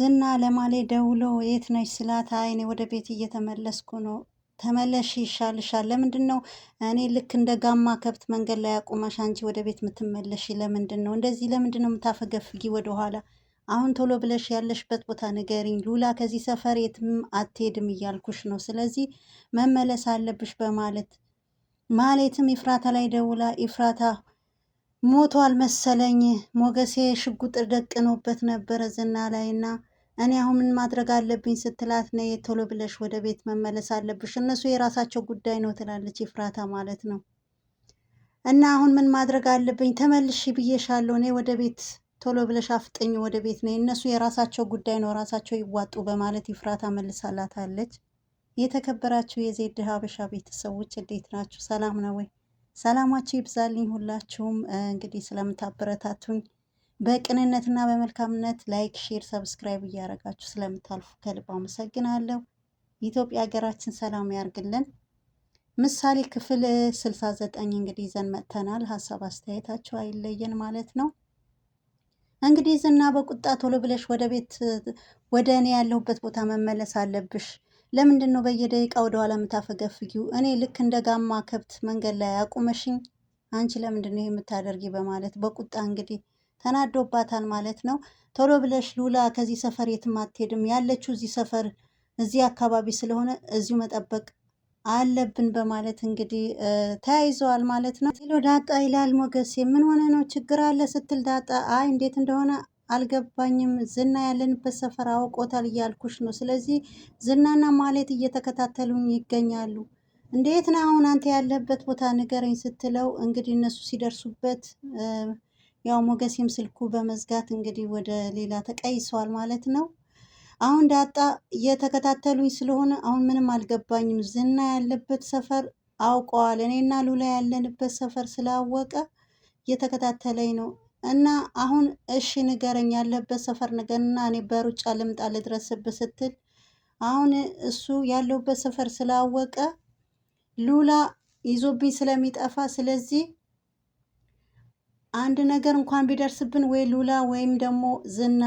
ዝና ለማሌ ደውሎ የት ነሽ ስላት አይኔ ወደ ቤት እየተመለስኩ ነው። ተመለሽ ይሻልሻል። ለምንድን ነው እኔ ልክ እንደ ጋማ ከብት መንገድ ላይ አቁመሽ አንቺ ወደ ቤት የምትመለሽ? ለምንድን ነው እንደዚህ? ለምንድን ነው የምታፈገፍጊ ወደኋላ? አሁን ቶሎ ብለሽ ያለሽበት ቦታ ንገሪኝ። ሉላ ከዚህ ሰፈር የትም አትሄድም እያልኩሽ ነው። ስለዚህ መመለስ አለብሽ በማለት ማሌትም ኢፍራታ ላይ ደውላ ኢፍራታ ሞቷል መሰለኝ ሞገሴ ሽጉጥ ደቅኖበት ነበረ ዝና ላይ እና እኔ አሁን ምን ማድረግ አለብኝ ስትላት ነይ ቶሎ ብለሽ ወደ ቤት መመለስ አለብሽ፣ እነሱ የራሳቸው ጉዳይ ነው ትላለች ይፍራታ ማለት ነው። እና አሁን ምን ማድረግ አለብኝ? ተመልሽ ብዬሻለሁ፣ እኔ ወደ ቤት ቶሎ ብለሽ አፍጠኝ፣ ወደ ቤት ነይ፣ እነሱ የራሳቸው ጉዳይ ነው፣ ራሳቸው ይዋጡ በማለት ይፍራታ መልሳላታለች። የተከበራችሁ የዜድ ሀበሻ ቤተሰቦች እንዴት ናችሁ? ሰላም ነው ወይ? ሰላማችሁ ይብዛልኝ። ሁላችሁም እንግዲህ ስለምታበረታቱኝ በቅንነትና በመልካምነት ላይክ፣ ሼር፣ ሰብስክራይብ እያደረጋችሁ ስለምታልፉ ከልብ አመሰግናለሁ። ኢትዮጵያ ሀገራችን ሰላም ያርግልን። ምሳሌ ክፍል 69 እንግዲህ ይዘን መጥተናል። ሀሳብ አስተያየታችሁ አይለየን ማለት ነው። እንግዲህ ዝና በቁጣ ቶሎ ብለሽ ወደ ቤት ወደ እኔ ያለሁበት ቦታ መመለስ አለብሽ። ለምንድን ነው በየደቂቃ ወደኋላ የምታፈገፍጊው? እኔ ልክ እንደ ጋማ ከብት መንገድ ላይ አቁመሽኝ አንቺ ለምንድን ነው የምታደርጊ? በማለት በቁጣ እንግዲህ ተናዶባታል ማለት ነው። ቶሎ ብለሽ ሉላ ከዚህ ሰፈር የትም አትሄድም ያለችው እዚህ ሰፈር እዚህ አካባቢ ስለሆነ እዚሁ መጠበቅ አለብን በማለት እንግዲህ ተያይዘዋል ማለት ነው። ሄሎ ዳጣ ይላል ሞገሴ። ምን ሆነ ነው ችግር አለ ስትል ዳጣ አይ እንዴት እንደሆነ አልገባኝም ዝና ያለንበት ሰፈር አውቆታል እያልኩሽ ነው። ስለዚህ ዝናና ማለት እየተከታተሉኝ ይገኛሉ። እንዴት ነው አሁን አንተ ያለበት ቦታ ንገረኝ ስትለው እንግዲህ እነሱ ሲደርሱበት ያው ሞገሴም ስልኩ በመዝጋት እንግዲህ ወደ ሌላ ተቀይሷል ማለት ነው። አሁን ዳጣ እየተከታተሉኝ ስለሆነ አሁን ምንም አልገባኝም። ዝና ያለበት ሰፈር አውቀዋል። እኔና ሉላ ያለንበት ሰፈር ስላወቀ እየተከታተለኝ ነው። እና አሁን እሺ ንገረኝ፣ ያለበት ሰፈር ንገርና እኔ በሩጫ ልምጣ ልድረስብህ ስትል አሁን እሱ ያለውበት ሰፈር ስላወቀ ሉላ ይዞብኝ ስለሚጠፋ ስለዚህ አንድ ነገር እንኳን ቢደርስብን ወይ ሉላ ወይም ደግሞ ዝና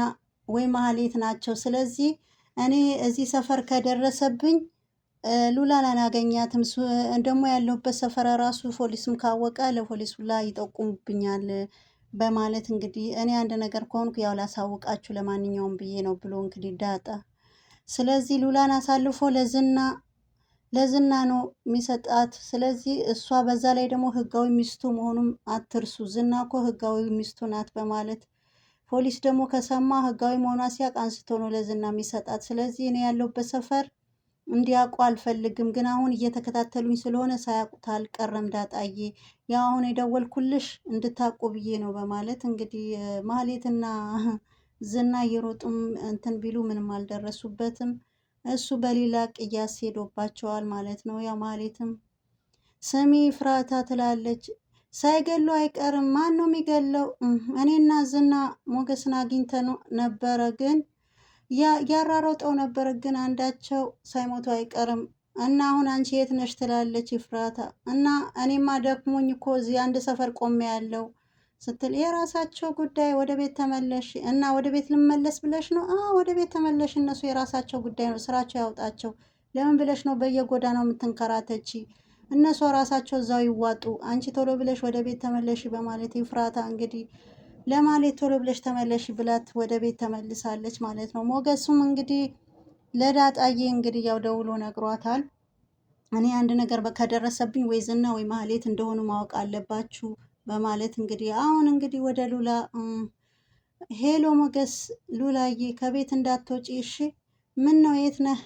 ወይ መሀሌት ናቸው። ስለዚህ እኔ እዚህ ሰፈር ከደረሰብኝ ሉላ ላናገኛትም ደግሞ ያለሁበት ሰፈር ራሱ ፖሊስም ካወቀ ለፖሊሱ ሁላ ይጠቁሙብኛል በማለት እንግዲህ እኔ አንድ ነገር ከሆንኩ ያው ላሳውቃችሁ ለማንኛውም ብዬ ነው ብሎ እንግዲህ ዳጣ ስለዚህ ሉላን አሳልፎ ለዝና ለዝና ነው የሚሰጣት። ስለዚህ እሷ በዛ ላይ ደግሞ ህጋዊ ሚስቱ መሆኑም አትርሱ። ዝና እኮ ህጋዊ ሚስቱ ናት በማለት ፖሊስ ደግሞ ከሰማ ህጋዊ መሆኗ ሲያቅ አንስቶ ነው ለዝና የሚሰጣት። ስለዚህ እኔ ያለሁበት ሰፈር እንዲያውቁ አልፈልግም፣ ግን አሁን እየተከታተሉኝ ስለሆነ ሳያውቁት አልቀረም። ዳጣዬ ያው አሁን የደወልኩልሽ እንድታውቁ ብዬ ነው በማለት እንግዲህ ማህሌትና ዝና እየሮጡም እንትን ቢሉ ምንም አልደረሱበትም። እሱ በሌላ ቅያስ ሄዶባቸዋል ማለት ነው። ያ ማለትም ስሚ ፍራታ ትላለች ሳይገሉ አይቀርም። ማን ነው የሚገለው? እኔና ዝና ሞገስን አግኝተን ነበረ፣ ግን ያራሮጠው ነበረ፣ ግን አንዳቸው ሳይሞቱ አይቀርም። እና አሁን አንቺ የት ነሽ? ትላለች ፍራታ። እና እኔማ ደክሞኝ እኮ እዚህ አንድ ሰፈር ቆሜ ያለው ስትል የራሳቸው ጉዳይ ወደ ቤት ተመለሽ እና ወደ ቤት ልመለስ ብለሽ ነው? አዎ ወደ ቤት ተመለሽ፣ እነሱ የራሳቸው ጉዳይ ነው፣ ስራቸው ያውጣቸው። ለምን ብለሽ ነው በየጎዳናው የምትንከራተቺ? እነሱ ራሳቸው እዛው ይዋጡ፣ አንቺ ቶሎ ብለሽ ወደ ቤት ተመለሽ በማለት ይፍራታ እንግዲህ ለማለት ቶሎ ብለሽ ተመለሽ ብላት ወደ ቤት ተመልሳለች ማለት ነው። ሞገሱም እንግዲህ ለዳጣዬ እንግዲህ ያው ደውሎ ነግሯታል። እኔ አንድ ነገር ከደረሰብኝ ወይ ዝና ወይ ማህሌት እንደሆኑ ማወቅ አለባችሁ በማለት እንግዲህ አሁን እንግዲህ ወደ ሉላ ሄሎ ሞገስ፣ ሉላዬ ከቤት እንዳትወጪ እሺ። ምን ነው የት ነህ?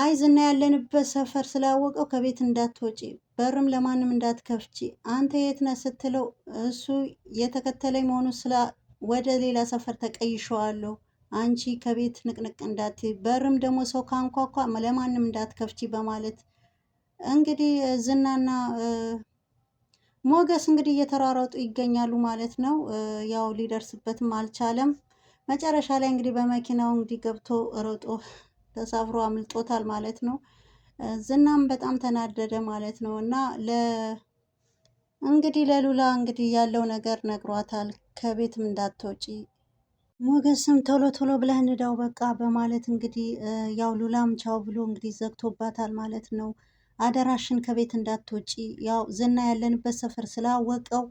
አይ ዝና ያለንበት ሰፈር ስላወቀው ከቤት እንዳትወጪ፣ በርም ለማንም እንዳትከፍቺ። አንተ የት ነህ ስትለው እሱ የተከተለኝ መሆኑ ስላ ወደ ሌላ ሰፈር ተቀይሸዋለሁ። አንቺ ከቤት ንቅንቅ እንዳት፣ በርም ደግሞ ሰው ካንኳኳ ለማንም እንዳትከፍቺ በማለት እንግዲህ ዝናና ሞገስ እንግዲህ እየተሯሯጡ ይገኛሉ ማለት ነው። ያው ሊደርስበትም አልቻለም። መጨረሻ ላይ እንግዲህ በመኪናው እንግዲህ ገብቶ ሮጦ ተሳፍሮ አምልጦታል ማለት ነው። ዝናም በጣም ተናደደ ማለት ነው እና እንግዲህ ለሉላ እንግዲህ ያለው ነገር ነግሯታል። ከቤትም እንዳትወጪ ሞገስም ቶሎ ቶሎ ብለህ ንዳው በቃ በማለት እንግዲህ ያው ሉላም ቻው ብሎ እንግዲህ ዘግቶባታል ማለት ነው። አደራሽን ከቤት እንዳትወጪ። ያው ዝና ያለንበት ሰፈር ስላወቀው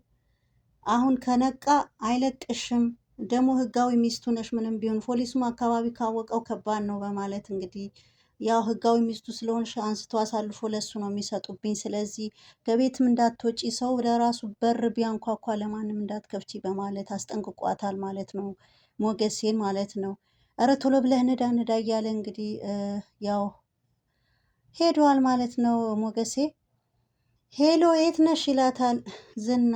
አሁን ከነቃ አይለቅሽም። ደግሞ ህጋዊ ሚስቱ ነሽ፣ ምንም ቢሆን ፖሊሱም አካባቢ ካወቀው ከባድ ነው በማለት እንግዲህ ያው ህጋዊ ሚስቱ ስለሆንሽ አንስቶ አሳልፎ ለሱ ነው የሚሰጡብኝ። ስለዚህ ከቤትም እንዳትወጪ፣ ሰው ለራሱ በር ቢያንኳኳ ለማንም እንዳትከፍቺ በማለት አስጠንቅቋታል ማለት ነው፣ ሞገሴን ማለት ነው። እረ ቶሎ ብለህ ንዳ ንዳ እያለ እንግዲህ ያው ሄደዋል ማለት ነው። ሞገሴ ሄሎ የት ነሽ ይላታል ዝና።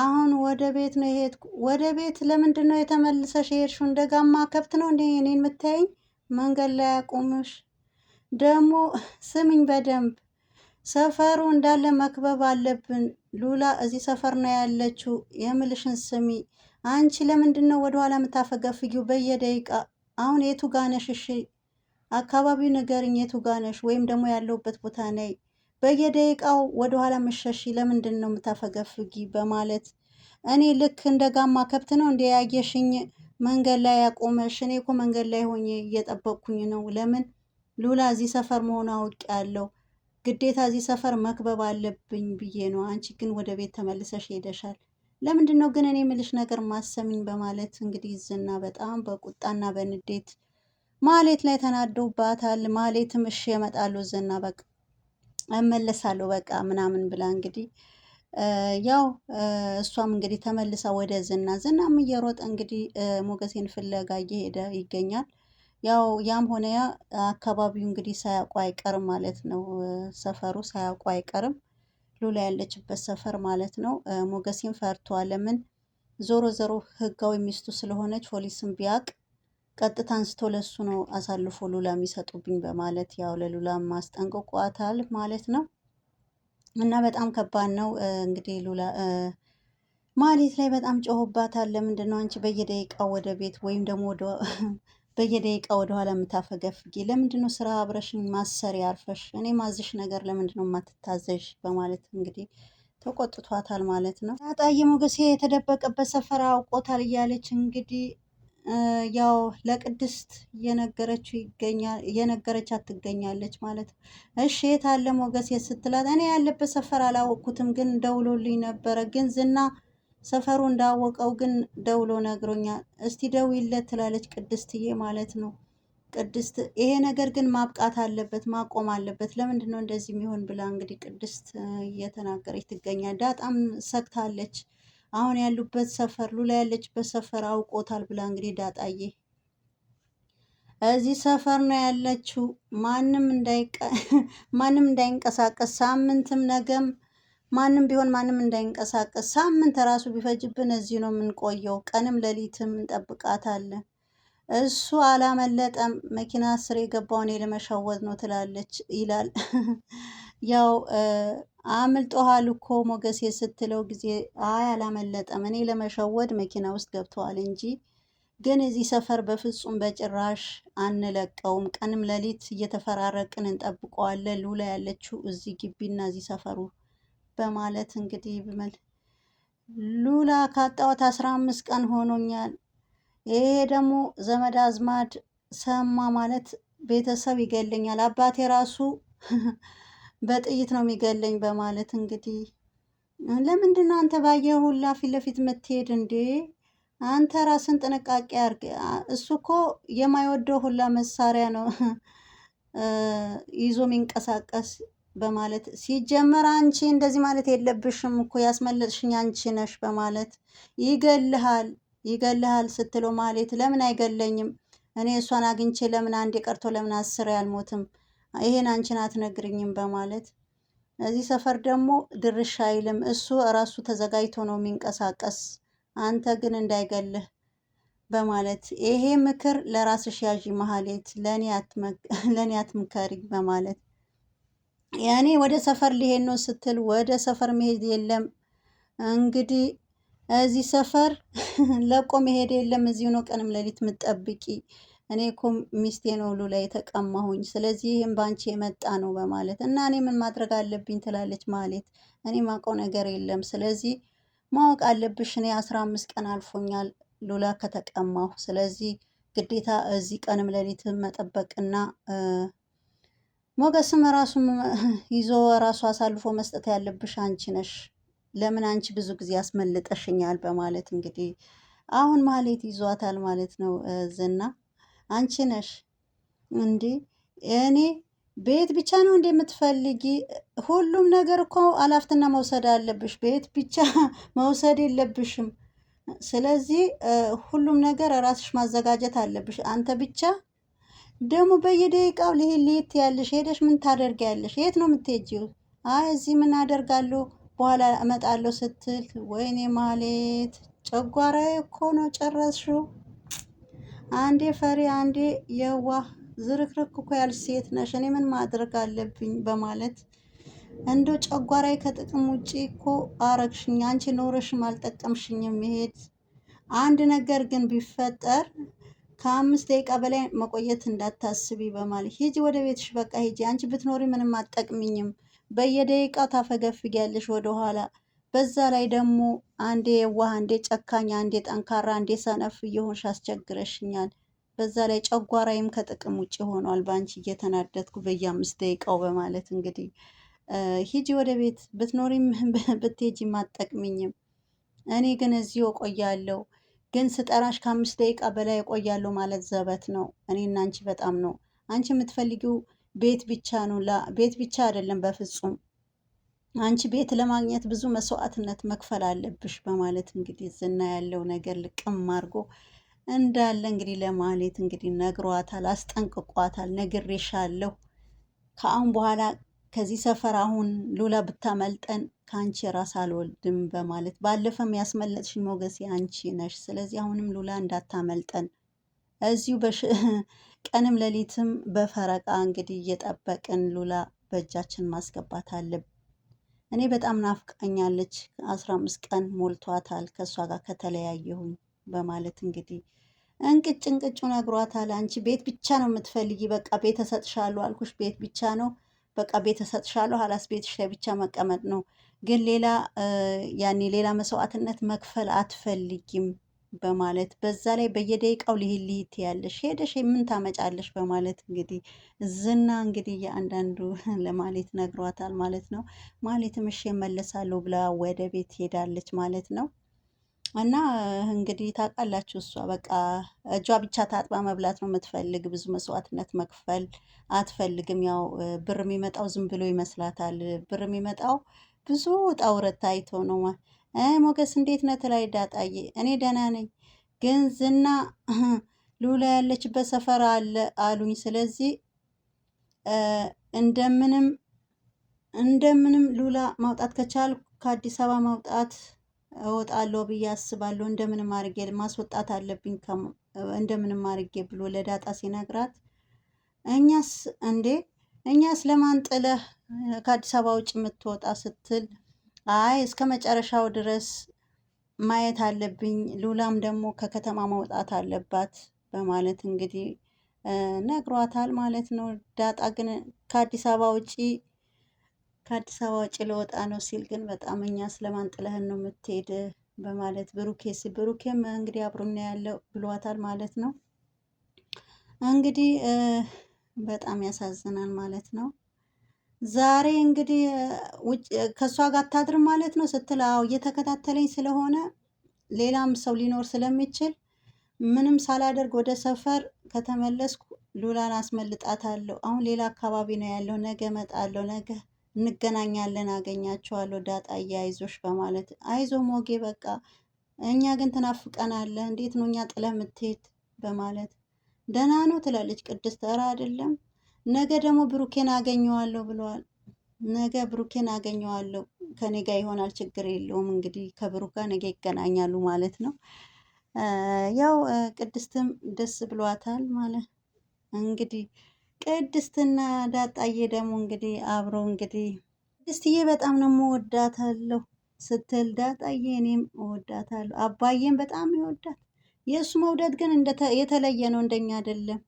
አሁን ወደ ቤት ነው የሄድኩ። ወደ ቤት ለምንድን ነው የተመልሰሽ የሄድሽው? እንደ ጋማ ከብት ነው እንደ እኔ የምታይኝ? መንገድ ላይ አቁምሽ ደግሞ ስምኝ በደንብ ሰፈሩ እንዳለ መክበብ አለብን። ሉላ እዚህ ሰፈር ነው ያለችው። የምልሽን ስሚ። አንቺ ለምንድን ነው ወደኋላ የምታፈገፍጊው በየደቂቃ? አሁን የቱ ጋነሽ? እሺ አካባቢው ንገርኝ፣ የቱ ጋ ነሽ? ወይም ደግሞ ያለውበት ቦታ ነይ። በየደቂቃው ወደኋላ መሸሺ ለምንድን ነው የምታፈገፍጊ? በማለት እኔ ልክ እንደ ጋማ ከብት ነው እንደ ያየሽኝ መንገድ ላይ ያቆመሽ? እኔ እኮ መንገድ ላይ ሆኜ እየጠበቅኩኝ ነው። ለምን ሉላ እዚህ ሰፈር መሆኑ አውቅ ያለው ግዴታ እዚህ ሰፈር መክበብ አለብኝ ብዬ ነው። አንቺ ግን ወደ ቤት ተመልሰሽ ሄደሻል። ለምንድን ነው ግን እኔ ምልሽ ነገር ማሰሚኝ? በማለት እንግዲህ ዝና በጣም በቁጣና በንዴት ማሌት ላይ ተናደውባታል። ማሌትም እሺ እመጣለሁ ዝና በቃ እመለሳለሁ በቃ ምናምን ብላ እንግዲህ ያው እሷም እንግዲህ ተመልሳ ወደ ዝና ዝናም እየሮጠ እንግዲህ ሞገሴን ፍለጋ እየሄደ ይገኛል። ያው ያም ሆነ ያ አካባቢው እንግዲህ ሳያውቁ አይቀርም ማለት ነው። ሰፈሩ ሳያውቁ አይቀርም ሉላ ያለችበት ሰፈር ማለት ነው። ሞገሴን ፈርቶ ዞሮ ዞሮ ህጋዊ ሚስቱ ስለሆነች ፖሊስም ቢያቅ ቀጥታ አንስቶ ለሱ ነው አሳልፎ ሉላ የሚሰጡብኝ በማለት ያው ለሉላ ማስጠንቅቋታል ማለት ነው። እና በጣም ከባድ ነው እንግዲህ ሉላ ማሌት ላይ በጣም ጮሆባታል። ለምንድን ነው አንቺ በየደቂቃ ወደ ቤት ወይም ደግሞ በየደቂቃ ወደኋላ የምታፈገፍጊ? ለምንድን ነው ስራ አብረሽን ማሰሪ አርፈሽ እኔ ማዝሽ ነገር ለምንድን ነው የማትታዘዥ? በማለት እንግዲህ ተቆጥቷታል ማለት ነው። ዳጣ የሞገሴ የተደበቀበት ሰፈር አውቆታል እያለች እንግዲህ ያው ለቅድስት እየነገረችው ይገኛል እየነገረቻት ትገኛለች ማለት ነው። እሺ የት አለ ሞገስ ስትላት እኔ ያለበት ሰፈር አላወቅኩትም፣ ግን ደውሎልኝ ነበረ። ግን ዝና ሰፈሩ እንዳወቀው ግን ደውሎ ነግሮኛል። እስቲ ደውይለት ትላለች ቅድስትዬ ማለት ነው። ቅድስት ይሄ ነገር ግን ማብቃት አለበት ማቆም አለበት። ለምንድን ነው እንደዚህ የሚሆን ብላ እንግዲህ ቅድስት እየተናገረች ትገኛል። ዳጣም ሰግታለች። አሁን ያሉበት ሰፈር ሉላ ያለችበት ሰፈር አውቆታል ብላ እንግዲህ ዳጣዬ እዚህ ሰፈር ነው ያለችው። ማንም ማንም እንዳይንቀሳቀስ ሳምንትም ነገም ማንም ቢሆን ማንም እንዳይንቀሳቀስ ሳምንት ራሱ ቢፈጅብን እዚህ ነው የምንቆየው። ቀንም ሌሊትም እንጠብቃታለን። እሱ አላመለጠም። መኪና ስር የገባውን የለመሻወዝ ነው ትላለች ይላል ያው አምልጦሃል እኮ ሞገሴ ስትለው ጊዜ አይ አላመለጠም፣ እኔ ለመሸወድ መኪና ውስጥ ገብተዋል እንጂ ግን እዚህ ሰፈር በፍጹም በጭራሽ አንለቀውም። ቀንም ሌሊት እየተፈራረቅን እንጠብቀዋለን። ሉላ ያለችው እዚህ ግቢና እዚህ ሰፈሩ በማለት እንግዲህ ብመል ሉላ ካጣሁት አስራ አምስት ቀን ሆኖኛል። ይሄ ደግሞ ዘመድ አዝማድ ሰማ ማለት ቤተሰብ ይገለኛል። አባቴ ራሱ በጥይት ነው የሚገለኝ በማለት እንግዲህ ለምንድን ነው አንተ ባየ ሁላ ፊት ለፊት የምትሄድ እንዴ? አንተ ራስን ጥንቃቄ አርግ። እሱ እኮ የማይወደው ሁላ መሳሪያ ነው ይዞ የሚንቀሳቀስ በማለት ሲጀመር አንቺ እንደዚህ ማለት የለብሽም እኮ ያስመለጥሽኝ አንቺ ነሽ በማለት ይገልሃል ይገልሃል ስትለው ማለት ለምን አይገለኝም? እኔ እሷን አግኝቼ ለምን አንዴ ቀርቶ ለምን አስሬ አልሞትም? ይሄን አንቺን አትነግርኝም በማለት እዚህ ሰፈር ደግሞ ድርሻ አይልም። እሱ እራሱ ተዘጋጅቶ ነው የሚንቀሳቀስ፣ አንተ ግን እንዳይገልህ በማለት ይሄ ምክር ለራስሽ ያዢ መሀሌት፣ ለእኔ አትምከሪ በማለት ያኔ ወደ ሰፈር ሊሄድ ነው ስትል ወደ ሰፈር መሄድ የለም እንግዲህ እዚህ ሰፈር ለቆ መሄድ የለም። እዚሁ ነው ቀንም ሌሊት ምጠብቂ እኔ እኮ ሚስቴ ነው ሁሉ ላይ የተቀማሁኝ፣ ስለዚህ ይህም በአንቺ የመጣ ነው በማለት እና እኔ ምን ማድረግ አለብኝ ትላለች ማለት እኔ ማውቀው ነገር የለም፣ ስለዚህ ማወቅ አለብሽ እኔ አስራ አምስት ቀን አልፎኛል ሉላ ከተቀማሁ፣ ስለዚህ ግዴታ እዚህ ቀንም ሌሊትም መጠበቅና ሞገስም ራሱም ይዞ ራሱ አሳልፎ መስጠት ያለብሽ አንቺ ነሽ። ለምን አንቺ ብዙ ጊዜ አስመልጠሽኛል? በማለት እንግዲህ አሁን ማሌት ይዟታል ማለት ነው ዝና አንቺ ነሽ እንዲ እኔ ቤት ብቻ ነው እንደ የምትፈልጊ? ሁሉም ነገር እኮ አላፍትና መውሰድ አለብሽ። ቤት ብቻ መውሰድ የለብሽም። ስለዚህ ሁሉም ነገር ራስሽ ማዘጋጀት አለብሽ። አንተ ብቻ ደግሞ በየደቂቃው ልሂድ ያለሽ ሄደሽ ምን ታደርጊያለሽ? የት ነው የምትሄጂው? አይ እዚህ ምን አደርጋለሁ በኋላ እመጣለሁ ስትል፣ ወይኔ ማሌት ጨጓራዬ እኮ ነው ጨረስሽው። አንዴ ፈሪ አንዴ የዋህ ዝርክርክ እኮ ያልሽ ሴት ነሽ፣ እኔ ምን ማድረግ አለብኝ በማለት እንዶ ጨጓራዬ ከጥቅም ውጪ እኮ አረግሽኝ። አንቺ ኖረሽም አልጠቀምሽኝም። መሄድ አንድ ነገር ግን ቢፈጠር ከአምስት ደቂቃ በላይ መቆየት እንዳታስቢ በማለት ሂጂ፣ ወደ ቤትሽ በቃ ሂጂ። አንቺ ብትኖሪ ምንም አጠቅምኝም። በየደቂቃው ታፈገፍጊያለሽ ወደኋላ በዛ ላይ ደግሞ አንዴ የዋህ አንዴ ጨካኝ አንዴ ጠንካራ አንዴ ሰነፍ እየሆንሽ አስቸግረሽኛል። በዛ ላይ ጨጓራይም ከጥቅም ውጭ ሆኗል በአንቺ እየተናደድኩ በየአምስት ደቂቃው በማለት እንግዲህ ሂጂ ወደ ቤት ብትኖሪም ብትሄጂም አትጠቅሚኝም። እኔ ግን እዚህ እቆያለሁ። ግን ስጠራሽ ከአምስት ደቂቃ በላይ እቆያለሁ ማለት ዘበት ነው። እኔና አንቺ በጣም ነው አንቺ የምትፈልጊው ቤት ብቻ ነው። ቤት ብቻ አይደለም በፍጹም አንቺ ቤት ለማግኘት ብዙ መስዋዕትነት መክፈል አለብሽ በማለት እንግዲህ ዝና ያለው ነገር ልቅም አድርጎ እንዳለ እንግዲህ ለማሌት እንግዲህ ነግሯታል፣ አስጠንቅቋታል። ነግሬሻለሁ ከአሁን በኋላ ከዚህ ሰፈር አሁን ሉላ ብታመልጠን ከአንቺ ራስ አልወልድም በማለት ባለፈም ያስመለጥሽኝ ሞገሴ አንቺ ነሽ። ስለዚህ አሁንም ሉላ እንዳታመልጠን እዚሁ ቀንም ሌሊትም በፈረቃ እንግዲህ እየጠበቅን ሉላ በእጃችን ማስገባት አለብን። እኔ በጣም ናፍቃኛለች፣ አስራ አምስት ቀን ሞልቷታል ከእሷ ጋር ከተለያየሁኝ በማለት እንግዲህ እንቅጭ እንቅጩ ነግሯታል። አንቺ ቤት ብቻ ነው የምትፈልጊ፣ በቃ ቤት እሰጥሻለሁ አልኩሽ፣ ቤት ብቻ ነው በቃ ቤት እሰጥሻለሁ፣ ሀላስ ቤትሽ ላይ ብቻ መቀመጥ ነው። ግን ሌላ ያኔ ሌላ መስዋዕትነት መክፈል አትፈልጊም በማለት በዛ ላይ በየደቂቃው ልሂድ ልሂት ያለሽ ሄደሽ ምን ታመጫለሽ በማለት እንግዲህ ዝና እንግዲህ የአንዳንዱ ለማሌት ነግሯታል ማለት ነው። ማሌትም እሺ እመለሳለሁ ብላ ወደ ቤት ሄዳለች ማለት ነው። እና እንግዲህ ታውቃላችሁ እሷ በቃ እጇ ብቻ ታጥባ መብላት ነው የምትፈልግ። ብዙ መስዋዕትነት መክፈል አትፈልግም። ያው ብር የሚመጣው ዝም ብሎ ይመስላታል። ብር የሚመጣው ብዙ ውጣ ውረድ ታይቶ ነው ሞገስ እንዴት ነህ ትላይ ዳጣዬ፣ እኔ ደህና ነኝ፣ ግን ዝና ሉላ ያለችበት ሰፈር አለ አሉኝ። ስለዚህ እንደምንም እንደምንም ሉላ ማውጣት ከቻልኩ ከአዲስ አበባ ማውጣት እወጣለሁ ብዬ አስባለሁ። እንደምንም አድርጌ ማስወጣት አለብኝ እንደምንም አድርጌ ብሎ ለዳጣ ሲነግራት፣ እኛስ እንዴ እኛስ ለማን ጥለህ ከአዲስ አበባ ውጭ የምትወጣ ስትል አይ እስከ መጨረሻው ድረስ ማየት አለብኝ፣ ሉላም ደግሞ ከከተማ መውጣት አለባት በማለት እንግዲህ ነግሯታል ማለት ነው። ዳጣ ግን ከአዲስ አበባ ውጪ ከአዲስ አበባ ውጪ ለወጣ ነው ሲል ግን በጣም እኛ ስለማንጥለህን ነው የምትሄድ በማለት ብሩኬ ሲ ብሩኬም እንግዲህ አብሮና ያለው ብሏታል ማለት ነው። እንግዲህ በጣም ያሳዝናል ማለት ነው። ዛሬ እንግዲህ ውጭ ከእሷ ጋር አታድርም ማለት ነው ስትል፣ አዎ እየተከታተለኝ ስለሆነ ሌላም ሰው ሊኖር ስለሚችል ምንም ሳላደርግ ወደ ሰፈር ከተመለስኩ ሉላን አስመልጣታለሁ። አሁን ሌላ አካባቢ ነው ያለው። ነገ እመጣለሁ፣ ነገ እንገናኛለን፣ አገኛቸዋለሁ። ዳጣ እያይዞሽ በማለት አይዞ ሞጌ፣ በቃ እኛ ግን ትናፍቀናለህ። እንዴት ነው እኛ ጥለህ የምትሄድ በማለት ደህና ነው ትላለች ቅድስት። ኧረ አይደለም ነገ ደግሞ ብሩኬን አገኘዋለሁ ብለዋል። ነገ ብሩኬን አገኘዋለሁ ከኔ ጋር ይሆናል፣ ችግር የለውም። እንግዲህ ከብሩክ ጋር ነገ ይገናኛሉ ማለት ነው። ያው ቅድስትም ደስ ብሏታል ማለት እንግዲህ ቅድስትና ዳጣዬ ደግሞ እንግዲህ አብሮ እንግዲህ ቅድስትዬ በጣም ነው እወዳታለሁ ስትል ዳጣዬ እኔም እወዳታለሁ አባዬም በጣም ይወዳት። የእሱ መውደድ ግን የተለየ ነው፣ እንደኛ አይደለም።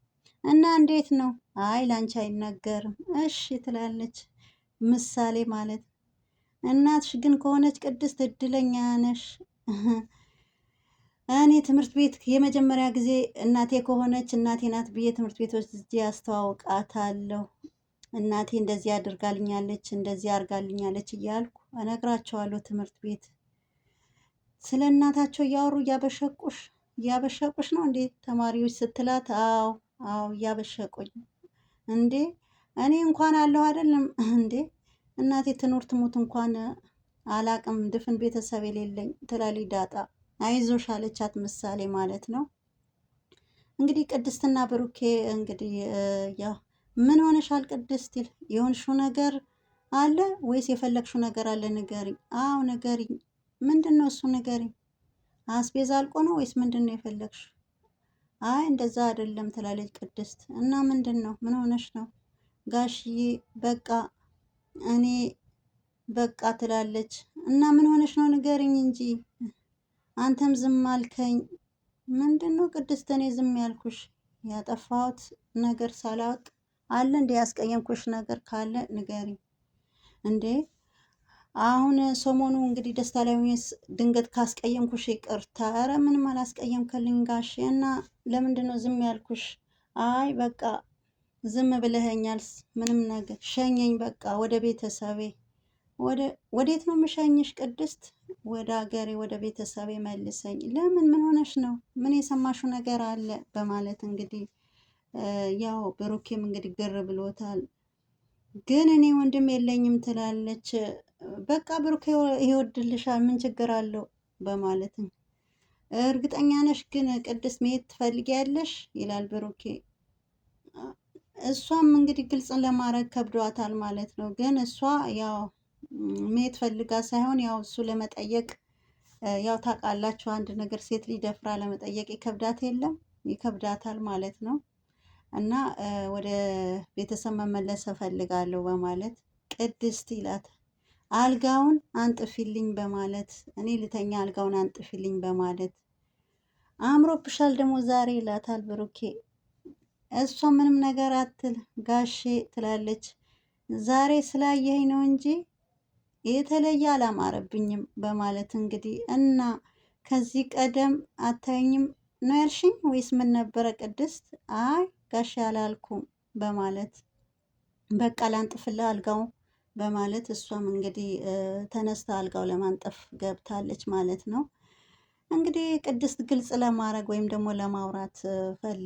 እና እንዴት ነው? አይ ላንቺ አይነገርም። እሺ ትላለች ምሳሌ ማለት እናትሽ ግን ከሆነች ቅድስት እድለኛ ነሽ። እኔ ትምህርት ቤት የመጀመሪያ ጊዜ እናቴ ከሆነች እናቴ ናት ብዬ ትምህርት ቤቶች እዚህ ያስተዋውቃታለሁ። እናቴ እንደዚህ አድርጋልኛለች፣ እንደዚህ አድርጋልኛለች እያልኩ እነግራቸዋለሁ። ትምህርት ቤት ስለ እናታቸው እያወሩ እያበሸቁሽ እያበሸቁሽ ነው እንዴ ተማሪዎች ስትላት፣ አዎ አው እያበሸቁኝ እንዴ እኔ እንኳን አለሁ አይደለም እንዴ እናቴ ትኖር ትሞት እንኳን አላቅም ድፍን ቤተሰብ የሌለኝ ትላለች ዳጣ። አይዞሽ አለቻት ምሳሌ ማለት ነው። እንግዲህ ቅድስትና ብሩኬ እንግዲህ ያው ምን ሆነሻል ቅድስት ይል የሆንሽው ነገር አለ ወይስ የፈለግሽው ነገር አለ ንገሪኝ። አው ንገሪኝ። ምንድን ነው እሱ ንገሪኝ። አስቤዛ አልቆ ነው ወይስ ምንድን ነው የፈለግሽው? አይ እንደዛ አይደለም ትላለች ቅድስት። እና ምንድን ነው ምን ሆነሽ ነው ጋሽዬ? በቃ እኔ በቃ ትላለች። እና ምን ሆነሽ ነው ንገርኝ እንጂ አንተም ዝም አልከኝ። ምንድን ነው ቅድስት እኔ ዝም ያልኩሽ? ያጠፋሁት ነገር ሳላውቅ አለ እንደ ያስቀየምኩሽ ነገር ካለ ንገሪኝ። እንዴ አሁን ሰሞኑ እንግዲህ ደስታ ላይ ድንገት ካስቀየምኩሽ ይቅርታ። ኧረ ምንም አላስቀየምክልኝ ጋሽ እና ለምንድን ነው ዝም ያልኩሽ? አይ በቃ ዝም ብለኸኛል። ምንም ነገር ሸኘኝ በቃ ወደ ቤተሰቤ። ወዴት ነው የምሸኝሽ ቅድስት? ወደ አገሬ ወደ ቤተሰቤ መልሰኝ። ለምን ምን ሆነሽ ነው? ምን የሰማሽው ነገር አለ? በማለት እንግዲህ ያው ብሩኬም እንግዲህ ግር ብሎታል። ግን እኔ ወንድም የለኝም ትላለች በቃ ብሩክ ይወድልሻል፣ ምን ችግር አለው በማለትም እርግጠኛ ነሽ ግን ቅድስት መሄድ ትፈልጊያለሽ ይላል ብሩኬ። እሷም እንግዲህ ግልጽ ለማድረግ ከብዷታል ማለት ነው። ግን እሷ ያው መሄድ ፈልጋ ሳይሆን ያው እሱ ለመጠየቅ ያው ታውቃላችሁ፣ አንድ ነገር ሴት ሊደፍራ ለመጠየቅ ይከብዳት የለም ይከብዳታል ማለት ነው። እና ወደ ቤተሰብ መመለስ እፈልጋለሁ በማለት ቅድስት ይላታል። አልጋውን አንጥፊልኝ በማለት እኔ ልተኛ አልጋውን አንጥፊልኝ በማለት አምሮብሻል ደግሞ ዛሬ ይላታል ብሩኬ። እሷ ምንም ነገር አትል ጋሼ ትላለች። ዛሬ ስላየኸኝ ነው እንጂ የተለየ አላማረብኝም በማለት እንግዲህ እና ከዚህ ቀደም አታይኝም ነው ያልሽኝ ወይስ ምን ነበረ ቅድስት? አይ ጋሼ አላልኩም በማለት በቃ ላንጥፍልህ አልጋው በማለት እሷም እንግዲህ ተነስታ አልጋው ለማንጠፍ ገብታለች ማለት ነው። እንግዲህ ቅድስት ግልጽ ለማድረግ ወይም ደግሞ ለማውራት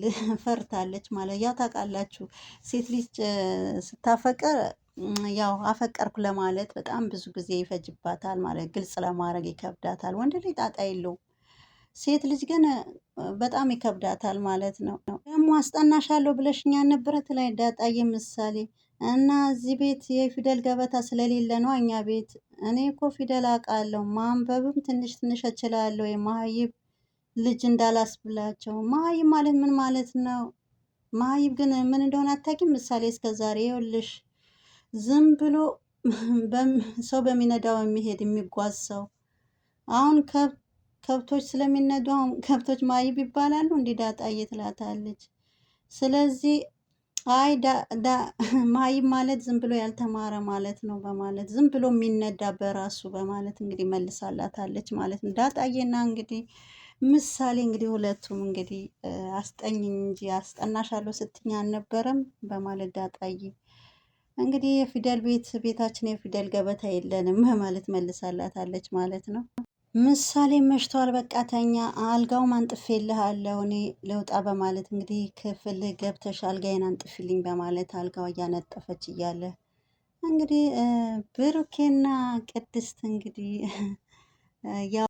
ፈርታለች ማለት ያው ታውቃላችሁ፣ ሴት ልጅ ስታፈቅር ያው አፈቀርኩ ለማለት በጣም ብዙ ጊዜ ይፈጅባታል ማለት ግልጽ ለማድረግ ይከብዳታል። ወንድ ልጅ ጣጣ የለውም፣ ሴት ልጅ ግን በጣም ይከብዳታል ማለት ነው። ደግሞ አስጠናሻለሁ ብለሽኛ ነበረ ትላይ ዳጣዬ ምሳሌ እና እዚህ ቤት የፊደል ገበታ ስለሌለ ነው እኛ ቤት። እኔ እኮ ፊደል አውቃለሁ ማንበብም ትንሽ ትንሽ እችላለሁ። የመሀይብ ልጅ እንዳላስብላቸው። መሀይብ ማለት ምን ማለት ነው? መሀይብ ግን ምን እንደሆነ አታውቂም ምሳሌ። እስከዛሬ ይኸውልሽ ዝም ብሎ ሰው በሚነዳው የሚሄድ የሚጓዝ ሰው አሁን ከብቶች ስለሚነዱ አሁን ከብቶች ማይብ ይባላሉ። እንዲዳጣ እየትላታለች ስለዚህ አይ ማይ ማለት ዝም ብሎ ያልተማረ ማለት ነው በማለት ዝም ብሎ የሚነዳ በራሱ በማለት እንግዲህ መልሳላታለች ማለት ነው። ዳጣዬና እንግዲህ ምሳሌ እንግዲህ ሁለቱም እንግዲህ አስጠኝ እንጂ አስጠናሻለሁ ስትኝ አልነበረም በማለት ዳጣዬ እንግዲህ የፊደል ቤት ቤታችን የፊደል ገበታ የለንም በማለት መልሳላታለች ማለት ነው። ምሳሌ መሽተዋል፣ በቃተኛ ተኛ፣ አልጋው አንጥፌልሃለሁ እኔ ለውጣ በማለት እንግዲህ ክፍል ገብተሽ አልጋዬን አንጥፊልኝ በማለት አልጋው እያነጠፈች እያለ እንግዲህ ብሩኬና ቅድስት እንግዲህ